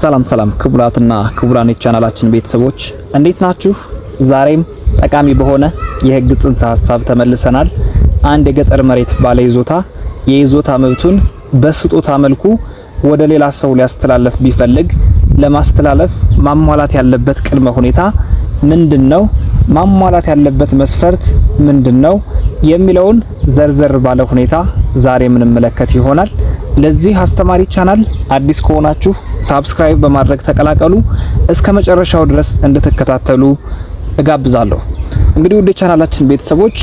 ሰላም ሰላም ክቡራትና ክቡራን የቻናላችን ቤተሰቦች እንዴት ናችሁ? ዛሬም ጠቃሚ በሆነ የህግ ጽንሰ ሀሳብ ተመልሰናል። አንድ የገጠር መሬት ባለ ይዞታ የይዞታ መብቱን በስጦታ መልኩ ወደ ሌላ ሰው ሊያስተላለፍ ቢፈልግ ለማስተላለፍ ማሟላት ያለበት ቅድመ ሁኔታ ምንድነው? ማሟላት ያለበት መስፈርት ምንድነው? የሚለውን ዘርዘር ባለ ሁኔታ ዛሬ የምንመለከት ይሆናል። ለዚህ አስተማሪ ቻናል አዲስ ከሆናችሁ ሳብስክራይብ በማድረግ ተቀላቀሉ። እስከ መጨረሻው ድረስ እንድትከታተሉ እጋብዛለሁ። እንግዲህ ወደ ቻናላችን ቤተሰቦች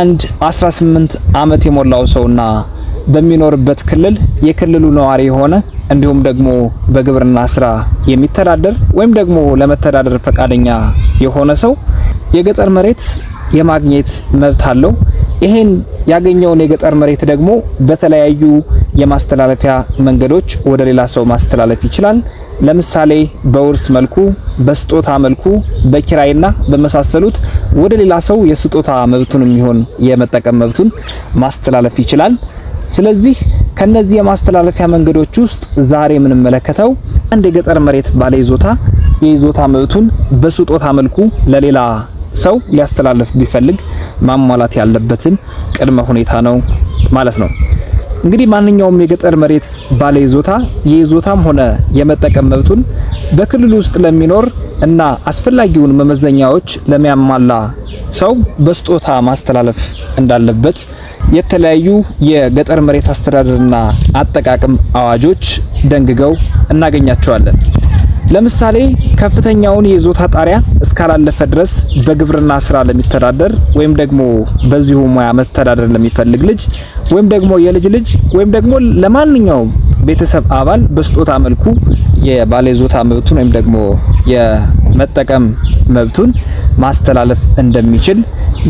አንድ 18 ዓመት የሞላው ሰውና በሚኖርበት ክልል የክልሉ ነዋሪ የሆነ እንዲሁም ደግሞ በግብርና ስራ የሚተዳደር ወይም ደግሞ ለመተዳደር ፈቃደኛ የሆነ ሰው የገጠር መሬት የማግኘት መብት አለው። ይሄን ያገኘውን የገጠር መሬት ደግሞ በተለያዩ የማስተላለፊያ መንገዶች ወደ ሌላ ሰው ማስተላለፍ ይችላል። ለምሳሌ በውርስ መልኩ፣ በስጦታ መልኩ፣ በኪራይና በመሳሰሉት ወደ ሌላ ሰው የስጦታ መብቱን የሚሆን የመጠቀም መብቱን ማስተላለፍ ይችላል። ስለዚህ ከነዚህ የማስተላለፊያ መንገዶች ውስጥ ዛሬ የምንመለከተው አንድ የገጠር መሬት ባለ ይዞታ የይዞታ መብቱን በስጦታ መልኩ ለሌላ ሰው ሊያስተላልፍ ቢፈልግ ማሟላት ያለበትን ቅድመ ሁኔታ ነው ማለት ነው። እንግዲህ ማንኛውም የገጠር መሬት ባለ ይዞታ የይዞታም ሆነ የመጠቀም መብቱን በክልሉ ውስጥ ለሚኖር እና አስፈላጊውን መመዘኛዎች ለሚያሟላ ሰው በስጦታ ማስተላለፍ እንዳለበት የተለያዩ የገጠር መሬት አስተዳደርና አጠቃቀም አዋጆች ደንግገው እናገኛቸዋለን። ለምሳሌ ከፍተኛውን የይዞታ ጣሪያ እስካላለፈ ድረስ በግብርና ስራ ለሚተዳደር ወይም ደግሞ በዚሁ ሙያ መተዳደር ለሚፈልግ ልጅ ወይም ደግሞ የልጅ ልጅ ወይም ደግሞ ለማንኛውም ቤተሰብ አባል በስጦታ መልኩ የባለ መብቱን ወይም ደግሞ የመጠቀም መብቱን ማስተላለፍ እንደሚችል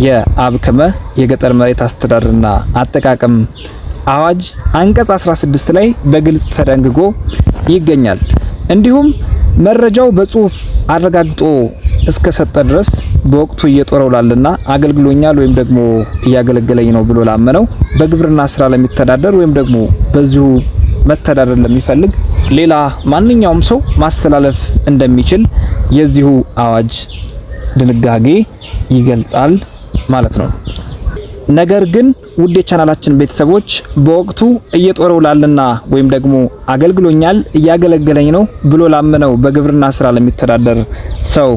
የአብክመ የገጠር መሬት አስተዳደርና አጠቃቀም አዋጅ አንቀጽ 16 ላይ በግልጽ ተደንግጎ ይገኛል። እንዲሁም መረጃው በጽሁፍ አረጋግጦ እስከሰጠ ድረስ በወቅቱ እየጦረው ላልና አገልግሎኛል ወይም ደግሞ እያገለገለኝ ነው ብሎ ላመነው በግብርና ስራ ለሚተዳደር ወይም ደግሞ በዚሁ መተዳደር ለሚፈልግ ሌላ ማንኛውም ሰው ማስተላለፍ እንደሚችል የዚሁ አዋጅ ድንጋጌ ይገልጻል ማለት ነው። ነገር ግን ውድ የቻናላችን ቤተሰቦች በወቅቱ እየጦረው ላልና ወይም ደግሞ አገልግሎኛል እያገለገለኝ ነው ብሎ ላመነው በግብርና ስራ ለሚተዳደር ሰው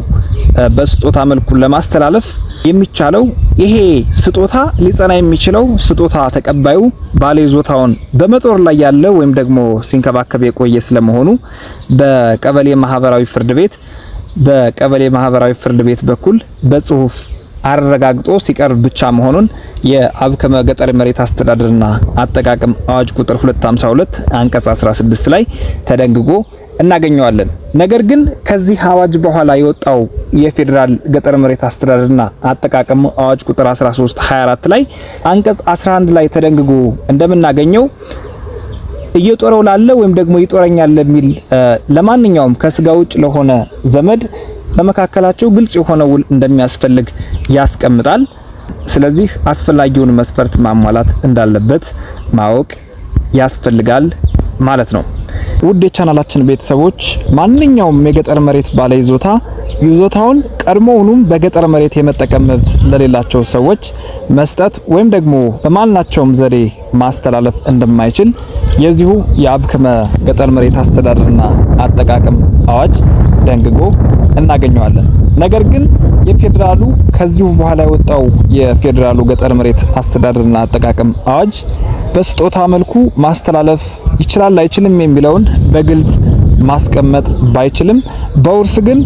በስጦታ መልኩ ለማስተላለፍ የሚቻለው ይሄ ስጦታ ሊጸና የሚችለው ስጦታ ተቀባዩ ባለይዞታውን ይዞታውን በመጦር ላይ ያለ ወይም ደግሞ ሲንከባከብ የቆየ ስለመሆኑ በቀበሌ ማህበራዊ ፍርድ ቤት በቀበሌ ማህበራዊ ፍርድ ቤት በኩል በጽሁፍ አረጋግጦ ሲቀርብ ብቻ መሆኑን የአብከመ ገጠር መሬት አስተዳደርና አጠቃቀም አዋጅ ቁጥር 252 አንቀጽ 16 ላይ ተደንግጎ እናገኘዋለን። ነገር ግን ከዚህ አዋጅ በኋላ የወጣው የፌዴራል ገጠር መሬት አስተዳደርና አጠቃቀም አዋጅ ቁጥር 1324 ላይ አንቀጽ 11 ላይ ተደንግጎ እንደምናገኘው እየጦረው ላለ ወይም ደግሞ ይጦረኛል ለሚል ለማንኛውም ከስጋ ውጭ ለሆነ ዘመድ በመካከላቸው ግልጽ የሆነ ውል እንደሚያስፈልግ ያስቀምጣል። ስለዚህ አስፈላጊውን መስፈርት ማሟላት እንዳለበት ማወቅ ያስፈልጋል ማለት ነው። ውድ የቻናላችን ቤተሰቦች ማንኛውም የገጠር መሬት ባለ ይዞታ ይዞታውን ቀድሞውኑም በገጠር መሬት የመጠቀም መብት ለሌላቸው ሰዎች መስጠት ወይም ደግሞ በማናቸውም ዘዴ ማስተላለፍ እንደማይችል የዚሁ የአብክመ ገጠር መሬት አስተዳደርና አጠቃቀም አዋጅ ደንግጎ እናገኘዋለን። ነገር ግን የፌዴራሉ ከዚሁ በኋላ የወጣው የፌዴራሉ ገጠር መሬት አስተዳደርና አጠቃቀም አዋጅ በስጦታ መልኩ ማስተላለፍ ይችላል አይችልም የሚለውን በግልጽ ማስቀመጥ ባይችልም በውርስ ግን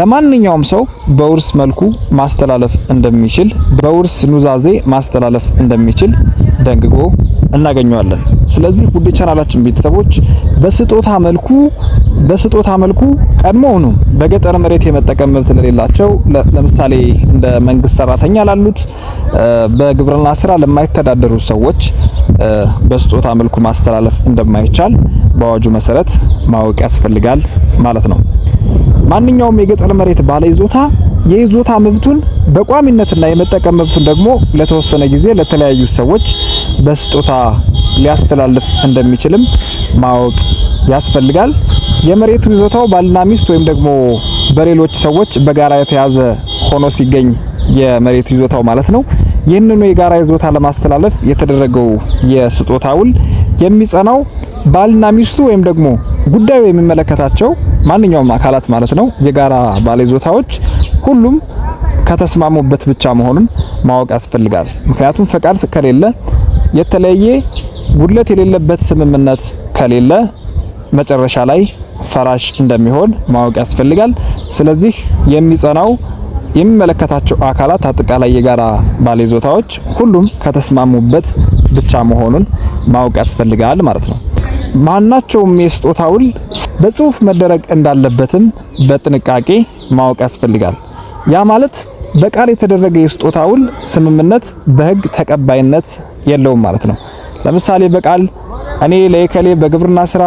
ለማንኛውም ሰው በውርስ መልኩ ማስተላለፍ እንደሚችል በውርስ ኑዛዜ ማስተላለፍ እንደሚችል ደንግጎ እናገኘዋለን። ስለዚህ ውድ ቻናላችን ቤተሰቦች በስጦታ መልኩ በስጦታ መልኩ ቀድሞውኑ በገጠር መሬት የመጠቀም መብት ለሌላቸው ለምሳሌ እንደ መንግስት ሰራተኛ ላሉት፣ በግብርና ስራ ለማይተዳደሩ ሰዎች በስጦታ መልኩ ማስተላለፍ እንደማይቻል በአዋጁ መሰረት ማወቅ ያስፈልጋል ማለት ነው። ማንኛውም የገጠር መሬት ባለ ይዞታ የይዞታ መብቱን በቋሚነትና የመጠቀም መብቱን ደግሞ ለተወሰነ ጊዜ ለተለያዩ ሰዎች በስጦታ ሊያስተላልፍ እንደሚችልም ማወቅ ያስፈልጋል። የመሬቱ ይዞታው ባልና ሚስት ወይም ደግሞ በሌሎች ሰዎች በጋራ የተያዘ ሆኖ ሲገኝ የመሬቱ ይዞታው ማለት ነው። ይህንኑ የጋራ ይዞታ ለማስተላለፍ የተደረገው የስጦታ ውል የሚጸናው ባልና ሚስቱ ወይም ደግሞ ጉዳዩ የሚመለከታቸው ማንኛውም አካላት ማለት ነው የጋራ ባለ ይዞታዎች ሁሉም ከተስማሙበት ብቻ መሆኑን ማወቅ ያስፈልጋል። ምክንያቱም ፈቃድ ከሌለ የተለየ ጉድለት የሌለበት ስምምነት ከሌለ መጨረሻ ላይ ፈራሽ እንደሚሆን ማወቅ ያስፈልጋል። ስለዚህ የሚጸናው የሚመለከታቸው አካላት አጠቃላይ የጋራ ባለይዞታዎች ሁሉም ከተስማሙበት ብቻ መሆኑን ማወቅ ያስፈልጋል ማለት ነው። ማናቸውም የስጦታ ውል በጽሁፍ መደረግ እንዳለበትም በጥንቃቄ ማወቅ ያስፈልጋል። ያ ማለት በቃል የተደረገ የስጦታ ውል ስምምነት በሕግ ተቀባይነት የለውም ማለት ነው። ለምሳሌ በቃል እኔ ለእከሌ በግብርና ስራ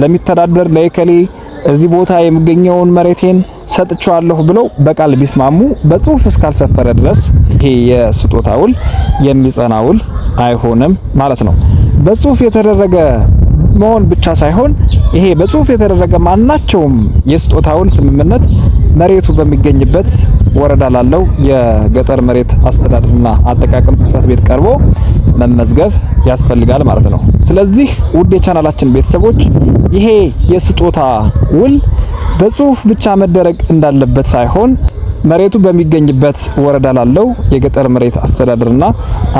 ለሚተዳደር ለእከሌ እዚህ ቦታ የሚገኘውን መሬቴን ሰጥቻለሁ ብለው በቃል ቢስማሙ በጽሁፍ እስካልሰፈረ ድረስ ይሄ የስጦታ ውል የሚጸና ውል አይሆንም ማለት ነው። በጽሁፍ የተደረገ መሆን ብቻ ሳይሆን ይሄ በጽሁፍ የተደረገ ማናቸውም የስጦታውን ስምምነት መሬቱ በሚገኝበት ወረዳ ላለው የገጠር መሬት አስተዳደርና አጠቃቀም ጽህፈት ቤት ቀርቦ መመዝገብ ያስፈልጋል ማለት ነው። ስለዚህ ውድ የቻናላችን ቤተሰቦች ይሄ የስጦታ ውል በጽሁፍ ብቻ መደረግ እንዳለበት ሳይሆን መሬቱ በሚገኝበት ወረዳ ላለው የገጠር መሬት አስተዳደርና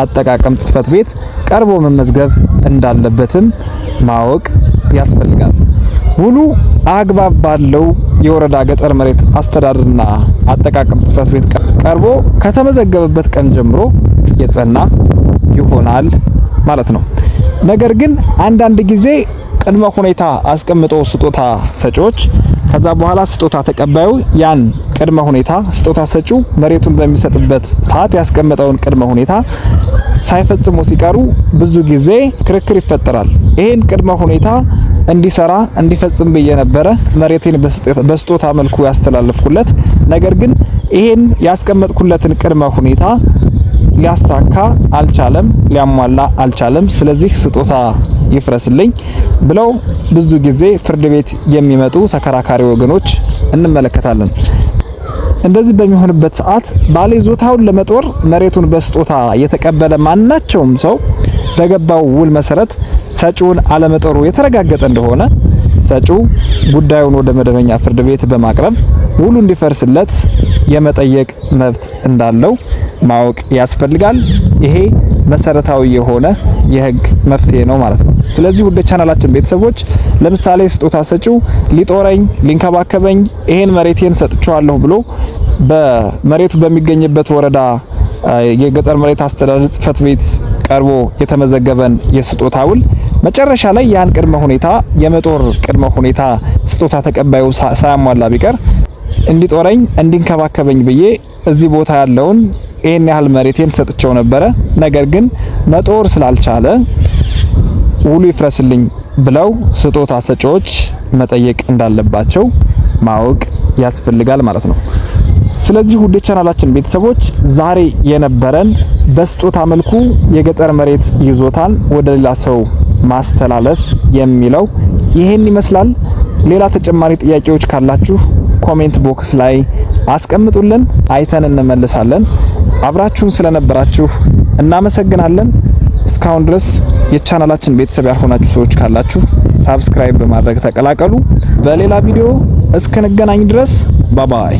አጠቃቀም ጽህፈት ቤት ቀርቦ መመዝገብ እንዳለበትም ማወቅ ያስፈልጋል። ውሉ አግባብ ባለው የወረዳ ገጠር መሬት አስተዳደርና አጠቃቀም ጽህፈት ቤት ቀርቦ ከተመዘገበበት ቀን ጀምሮ የጸና ይሆናል ማለት ነው። ነገር ግን አንዳንድ ጊዜ ቅድመ ሁኔታ አስቀምጦ ስጦታ ሰጪዎች ከዛ በኋላ ስጦታ ተቀባዩ ያን ቅድመ ሁኔታ ስጦታ ሰጪው መሬቱን በሚሰጥበት ሰዓት ያስቀመጠውን ቅድመ ሁኔታ ሳይፈጽሙ ሲቀሩ ብዙ ጊዜ ክርክር ይፈጠራል። ይሄን ቅድመ ሁኔታ እንዲሰራ እንዲፈጽም ብዬ ነበረ መሬቴን በስጦታ መልኩ ያስተላለፍኩለት። ነገር ግን ይሄን ያስቀመጥኩለትን ቅድመ ሁኔታ ሊያሳካ አልቻለም፣ ሊያሟላ አልቻለም። ስለዚህ ስጦታ ይፍረስልኝ ብለው ብዙ ጊዜ ፍርድ ቤት የሚመጡ ተከራካሪ ወገኖች እንመለከታለን። እንደዚህ በሚሆንበት ሰዓት ባለ ይዞታውን ለመጦር መሬቱን በስጦታ የተቀበለ ማናቸውም ሰው በገባው ውል መሰረት ሰጪውን አለመጦሩ የተረጋገጠ እንደሆነ ሰጪው ጉዳዩን ወደ መደበኛ ፍርድ ቤት በማቅረብ ውሉ እንዲፈርስለት የመጠየቅ መብት እንዳለው ማወቅ ያስፈልጋል። ይሄ መሰረታዊ የሆነ የህግ መፍትሄ ነው ማለት ነው። ስለዚህ ወደ ቻናላችን ቤተሰቦች ለምሳሌ ስጦታ ሰጪው ሊጦረኝ ሊንከባከበኝ ይሄን መሬቴን ሰጥቼዋለሁ ብሎ በመሬቱ በሚገኝበት ወረዳ የገጠር መሬት አስተዳደር ጽፈት ቤት ቀርቦ የተመዘገበን የስጦታ ውል መጨረሻ ላይ ያን ቅድመ ሁኔታ የመጦር ቅድመ ሁኔታ ስጦታ ተቀባዩ ሳያሟላ ቢቀር እንዲጦረኝ እንዲንከባከበኝ ብዬ እዚህ ቦታ ያለውን ይሄን ያህል መሬቴን ሰጥቸው ነበረ፣ ነገር ግን መጦር ስላልቻለ ውሉ ይፍረስልኝ ብለው ስጦታ ሰጪዎች መጠየቅ እንዳለባቸው ማወቅ ያስፈልጋል ማለት ነው። ስለዚህ ውድ ቻናላችን ቤተሰቦች ዛሬ የነበረን በስጦታ መልኩ የገጠር መሬት ይዞታን ወደ ሌላ ሰው ማስተላለፍ የሚለው ይሄን ይመስላል። ሌላ ተጨማሪ ጥያቄዎች ካላችሁ ኮሜንት ቦክስ ላይ አስቀምጡልን፣ አይተን እንመልሳለን። አብራችሁን ስለነበራችሁ እናመሰግናለን። እስካሁን ድረስ የቻናላችን ቤተሰብ ያልሆናችሁ ሰዎች ካላችሁ ሳብስክራይብ በማድረግ ተቀላቀሉ። በሌላ ቪዲዮ እስክንገናኝ ድረስ ባባይ